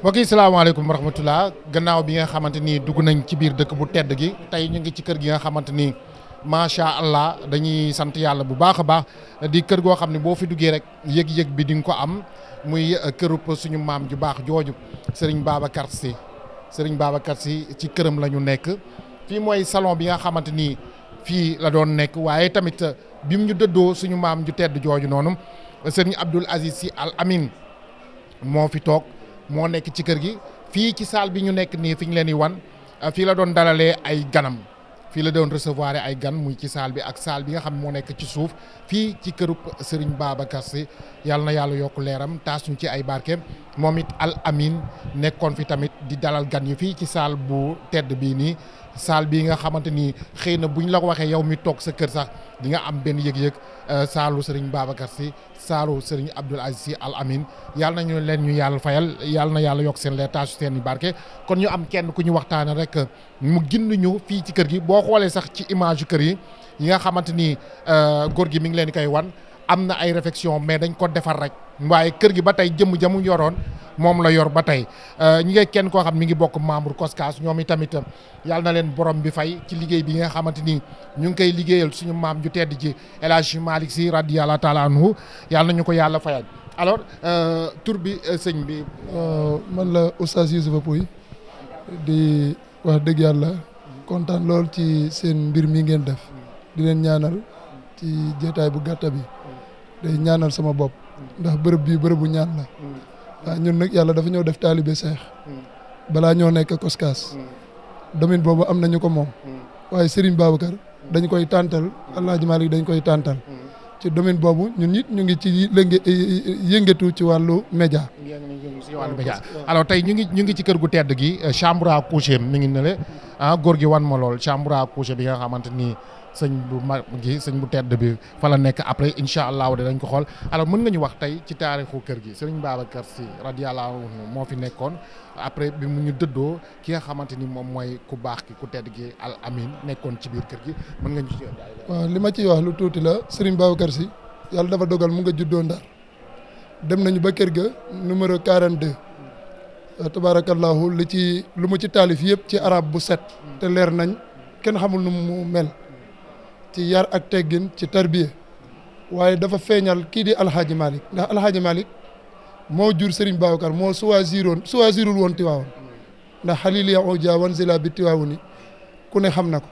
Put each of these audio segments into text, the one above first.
mbokk yi salaamaaleykum wa rahmatulah gannaaw bi nga xamante ni dugg nañ ci biir dëkk bu tedd gi tey ñu ngi ci kër gi nga xamante ni macha allah dañuy sant yàlla bu baax a baax di kër goo xam ne boo fi duggee rek yëg-yëg bi di nga ko am muy uh, këru suñu maam ju baax jooju sëriñ Babacar Sy Serigne Babacar Sy ci këram la ñu nekk fii mooy salon bi nga xamante ni fii la doon nekk waaye tamit uh, bi mu ñu dëddoo suñu maam ju tedd jooju noonu sëriñ Abdoul Aziz Sy Al moo fi toog. moo nekk ci kër gi fii ci salle bi ñu nekk nii fi ñu leen di wan ah, fii la doon dalalee ay ganam fii la doon recevoir ay gan muy ci salle bi ak salle bi nga xam moo nekk ci suuf fii ci kërub Serigne Babacar Sy yàlla na yàlla yokk leeram taas ñu ci ay barkeem moom it Al Amin nekkoon fi tamit di dalal gan yi fii ci salle bu tedd bii nii salle bii nga xamante ni xëy na buñ la ko waxee yow mi toog sa kër sax di nga am benn yëg-yëg euh, saalu Serigne Babacar Sy saalu Serigne Abdoul Aziz Sy Al Amin yàlla nañu leen ñu yàlla fayal yàlla na yàlla yokk seen les tâches seen i barke kon ñu am kenn ku ñu waxtaane rek mu gindi ñu fii ci kër gi boo xoolee sax ci image kër yi yi nga xamante ni euh, góor gi mi ngi leen di koy wan am na ay réflexion mais dañ ko defar rek waaye kër gi ba tey jëmm jamu yoroon moom la yor ba tey euh, ñi ngay kenn koo xam mi ngi bokk membre COSCAS ñoom itamit yàlla na leen borom bi fay ci liggéey bi nga xamante ni ñu ngi koy liggéeyal suñu maam ju tedd ji El Hadj Malick Sy radiyallahu taala anhu na ñu ko yàlla fayal alors euh, tur bi euh, sëñ bi. man la Oustaz Youssoufa Pouy di wax dëgg yàlla kontaan lool ci seen mbir mi ngeen def di leen ñaanal ci jotaay bu gàtta bi day ñaanal sama bopp. ndax bërëb bii bërëbu ñaan la hmm. waaw ñun nag yàlla dafa ñëw def taalibe seex hmm. balaa ñëw nekk koskaas hmm. domaine boobu am nañu ko moom waaye baabu Babacar dañ koy tàntal Alaaji yi dañ koy tàntal ci domaine boobu ñun it ñu ngi ci lënge yëngatu ci wàllu média. ci wàllu média alors tey ñu ngi ñu ngi ci kër gu tedd gi euh, chambre à coucher mi ngi ne ah góor gi wan ma lool chambre à coucher bi nga xamante nii sëñ bu mag gi sëñ bu tedd bi fa la nekk après incha allah dinañ ko xool alors mën nga ñu wax tey ci taarixu kër gi sëriñ Babacar Sy radiyallahu anhu moo fi nekkoon après bi mu ñu dëddoo ki nga xamante ni moom mooy ku baax ki ku tedd gi al amin nekkoon ci biir kër gi mën nga ñu ci waaw li ma ciy wax lu tuuti la sëriñ Babacar Sy yàlla dafa dogal mu nga juddoo Ndar dem nañu ba kër ga numéro 42 tabaarakallahu li ci lu mu ci taalif yëpp ci arab bu set te leer nañ kenn xamul nu mu mel ci yar ak teggin ci tarbiya waaye dafa feeñal kii di alxaaji Malick ndax alxaaji Malick moo jur Serigne Babacar moo choisiroon choisirul woon Tiwaawoon ndax xalil ya odia wanzila bi Tiwaawuni ku ne xam na ko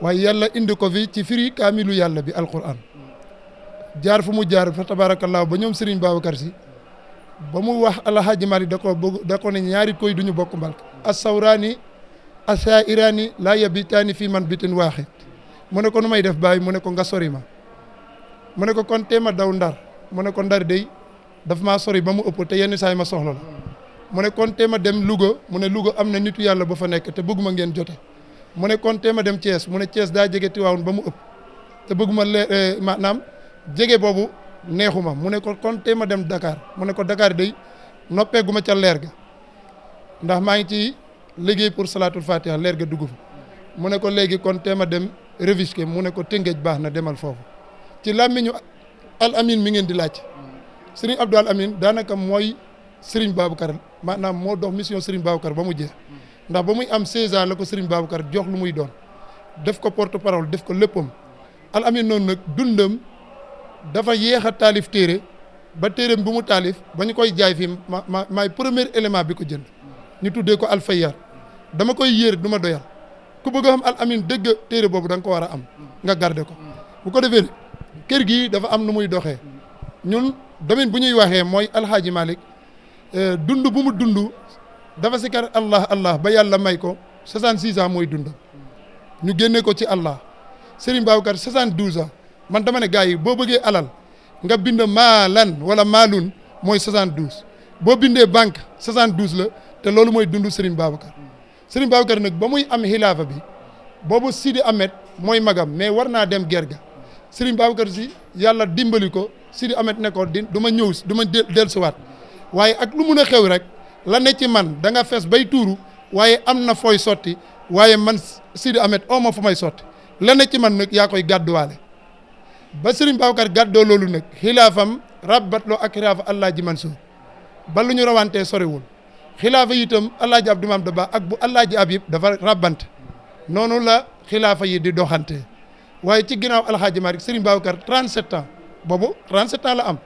waaye yàlla indi ko fi ci firi kaamilu yàlla bi alquran jaar fu mu jaar fa tabaarakallaahu ba ñoom Serigne Babacar si ba mu wax alxaaji Malick da ko bëgg da ko ne ñaari koy duñu bokk mbalk asawraani asairaani laa yabitaani fii man bitin waaxe mu ne ko nu may def bàyyi mu ne ko nga sori ma mu ne ko kon tee ma daw ndar mu ne ko ndar dey dafa maa sori ba mu ëpp te yenn saay ma soxla la mu ne kon tee ma dem Louga mu ne Louga am na nitu yàlla ba fa nekk te bëgguma ngeen jote mu ne kon tee ma dem Thiès mu ne Thiès daa jege Tiwaawoon ba mu ëpp te bëgguma lee maanaam jege boobu neexuma mu ne ko kon tee ma dem dakaar mu ne ko Dakar dey noppee gu ma ca leer ga ndax maa ngi ci liggéey pour salaatul fatiha leer ga dugg fa mu ne ko léegi kon tee ma dem Rufisque mu ne ko Tëngéej baax na demal foofu ci làmmiñu al amin mi ngeen di laaj sëriñ Abdou al amin daanaka mooy sëriñ Babacar maanaam moo dox mission sëriñ Babacar ba mu jeex ndax ba muy am 16 la ko sëriñ Babacar jox lu muy doon def ko porte parole def ko léppam al amin noonu nag dundam dafa yéex a taalif téere ba téereem bu mu taalif ba ñu koy jaay fii ma ma maay premier élément bi ko jënd ñu tuddee ko alfayar dama koy yér du ma doyal ku bëgg a xam al amin dëgg téere boobu da ko war a am nga garder ko bu ko defee kër gii dafa am nu muy doxee ñun domaine bu ñuy waxee mooy alxaaji Malick euh, dund bu mu dund dafa sikar allah allah ba yàlla may ko 66 ans mooy dund ñu génne ko ci allah Serigne Babacar 72 ans man dama ne gars yi boo bëggee alal nga bind maalan wala maalun mooy 72 boo bindee banque 72 la te loolu mooy dund Serigne Babacar Serigne Babacar nag ba muy am xilaafa bi boobu Sidi Ahmed mooy magam mais war naa dem ger ga Serigne Babacar si yàlla dimbali ko Sidi Ahmed ne ko di du ma ñëw du ma dellusiwaat waaye ak lu mun a xew rek la ne ci man danga fees bay tuuru waaye am na fooy sotti waaye man Sidi Ahmed oo ma fu may sotti la ne ci man nag yaa koy gàdduwaale ba Serigne Babacar gàddoo loolu nag xilaafam rabbatloo ak xilaafa allah ji man suur ba lu ñu rawantee sorewul xilaafa yi itam alaaji abdu maam daba ak bu alaaji abib dafa ràbbante noonu la xilaafa yi di doxante waaye ci ginnaaw alxaaji maalik sëriñ Babacar 37 ans boobu 37 ans la am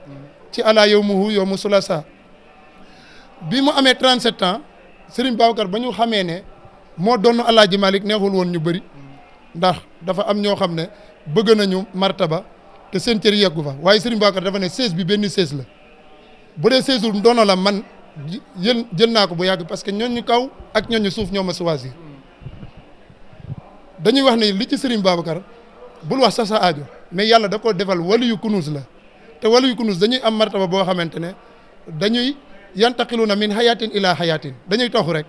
ci alaa yow muhu yow mu sulasa bi mu amee 37 ans sëriñ Babacar ba ñu xamee ne moo doon alaaji maalik neexul woon ñu bëri ndax dafa am ñoo xam ne bëgg nañu martaba te seen cër yeggu fa waaye sëriñ Babacar dafa ne 16 bi benn 16 la bu dee 16 doona la man yën jël naa ko bu yàgg parce que ñooñu kaw ak ñoñu suuf ñoo ma choisir dañuy wax ni li ci Serigne Babacar bul wax sax sa aajo mais yàlla da koo defal wali yu kunus la te wali yu kunus dañuy am martaba boo xamante ne dañuy yantaqiluna min hayatin ila hayatin dañuy toxu rek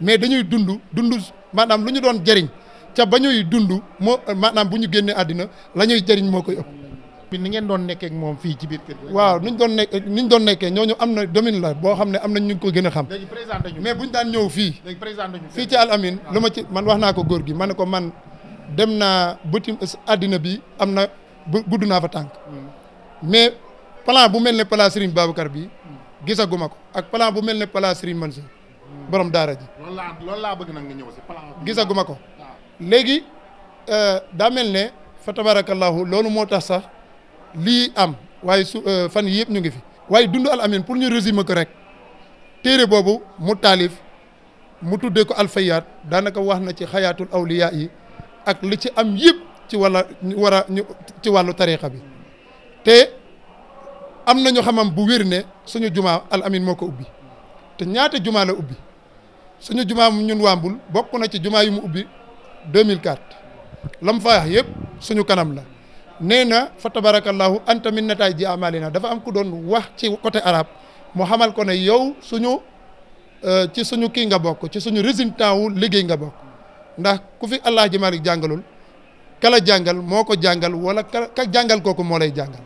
mais dañuy dund dund maanaam lu ñu doon jëriñ ca ba ñuy dund moo maanaam bu ñu génnee àddina lañuy ñuy jëriñ moo koy ëpp ni ngeen doon nekkee moom fii ci biir kër gi waaw niñ doon nekk niñ doon nekkee ñooñu am na domaine la boo xam ne am na ñu ko gën a xam léegi présenté ñu mais buñ daan ñëw fii léegi présenté ñu fii ci Al lu ma ci man wax naa ko góor gi man ne ko man dem naa bëti àddina bi am na gudd naa fa tànk hmm. mais plan bu mel ne plan Serigne Babacar bi gisaguma ko ak plan bu mel ne plan man Mansour hmm. borom daara ji loolu laa loolu laa bëgg nag nga ñëw si plan gisaguma ko ah. léegi euh, daa mel ne fa tabarakallahu loolu moo tax sax lii am waaye su euh, fan yii yëpp ñu ngi fi waaye dund al amin pour ñu résumer ko rek téere boobu mu taalif mu tuddee ko alfayaat daanaka wax na ci xayaatul awliyaa yi ak li ci am yëpp ci walla ñu war a ñu ci wàllu tariqa bi te am na ñu xamam bu wér ne suñu jumaa al amin moo ko ubbi te ñaata jumaa la ubbi suñu jumaa ñun waambul bokk na ci jumaa yi mu ubbi 2004 lam fa wax yëpp suñu kanam la nee na fa tabarakallahu anta min nataay ji amalina dafa am ku doon wax ci côté arabe mu xamal ko ne yow suñu euh, ci suñu kii nga bokk ci suñu résultat wu liggéey nga bokk ndax ku fi allah ji jàngalul kala jàngal moo ko jàngal wala ka jàngal ko moo lay jàngal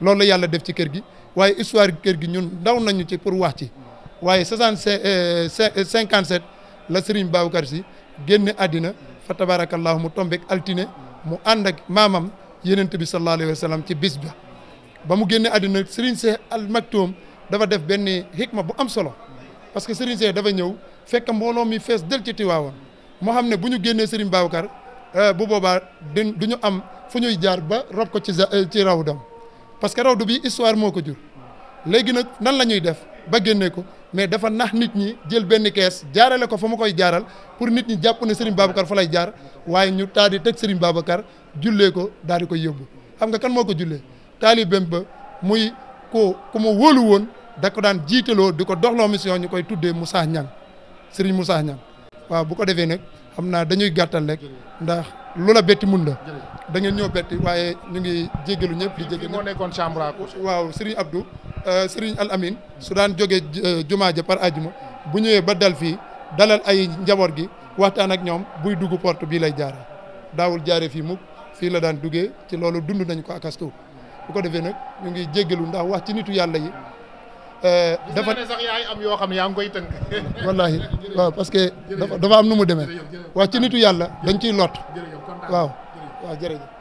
loolu la yàlla def ci kër gi waaye histoire kër gi ñun ndaw nañu ci pour wax ci waaye soixante-cinq euh, cinquante-sept la Serigne Babacar Sy génn àddina fa tabarakallahu mu tombeek altine mu ànd ak maamam yenent bi sallallahu alayhi wa sallam ci bis ba ba mu génnee àddina Serigne Cheikh Al Maktoum dafa def benn xikma bu am solo parce que Serigne Cheikh dafa ñëw fekk mbooloo mi fees del ci Tiwaawan moo xam ne bu ñu génnee Serigne Babacar euh, bu boobaa du ñu am fu ñuy jaar ba rob ko ci ci rawdam parce que rawdu bi histoire moo ko jur léegi nag nan la ñuy def ba génne ko mais dafa nax nit ñi jël benn kees jaarale ko fa ma koy jaaral pour nit ñi jàpp ne Serigne Babacar fa lay jaar waaye ñu taal di teg Serigne Babacar jullee ko daal di koy yóbbu xam nga kan moo ko jullee taalibeem ba muy ko ku ma wóolu woon da ko daan jiitaloo di ko doxloo mission ñu koy tuddee Moussa Niang Serigne Moussa Niang waaw bu ko defee nag xam naa dañuy gàttal rek ndax lu la betti mun la da ngeen ñëw betti waaye ñu ngi jéggalu ñëpp di jéggalu moo nekkoon chambre waaw Serigne Abdou Euh, Serigne Al Amin su daan jógee euh, jumaa ja par ajuma bu ñëwee ba dal fii dalal ay njaboot gi waxtaan ak ñoom buy dugg port bii lay jaare daawul jaare fii mukk fii la daan duggee ci loolu dund nañ ko ak asto bu ko defee nag ñu ngi jéggalu ndax wax ci nitu yàlla yi. Euh, dafa ne sax yaay am yoo xam yaa ngi koy tënk. wallaahi waaw parce que dafa am nu mu demee wax ci nitu yàlla dañ ciy lot waaw waaw jërëjëf.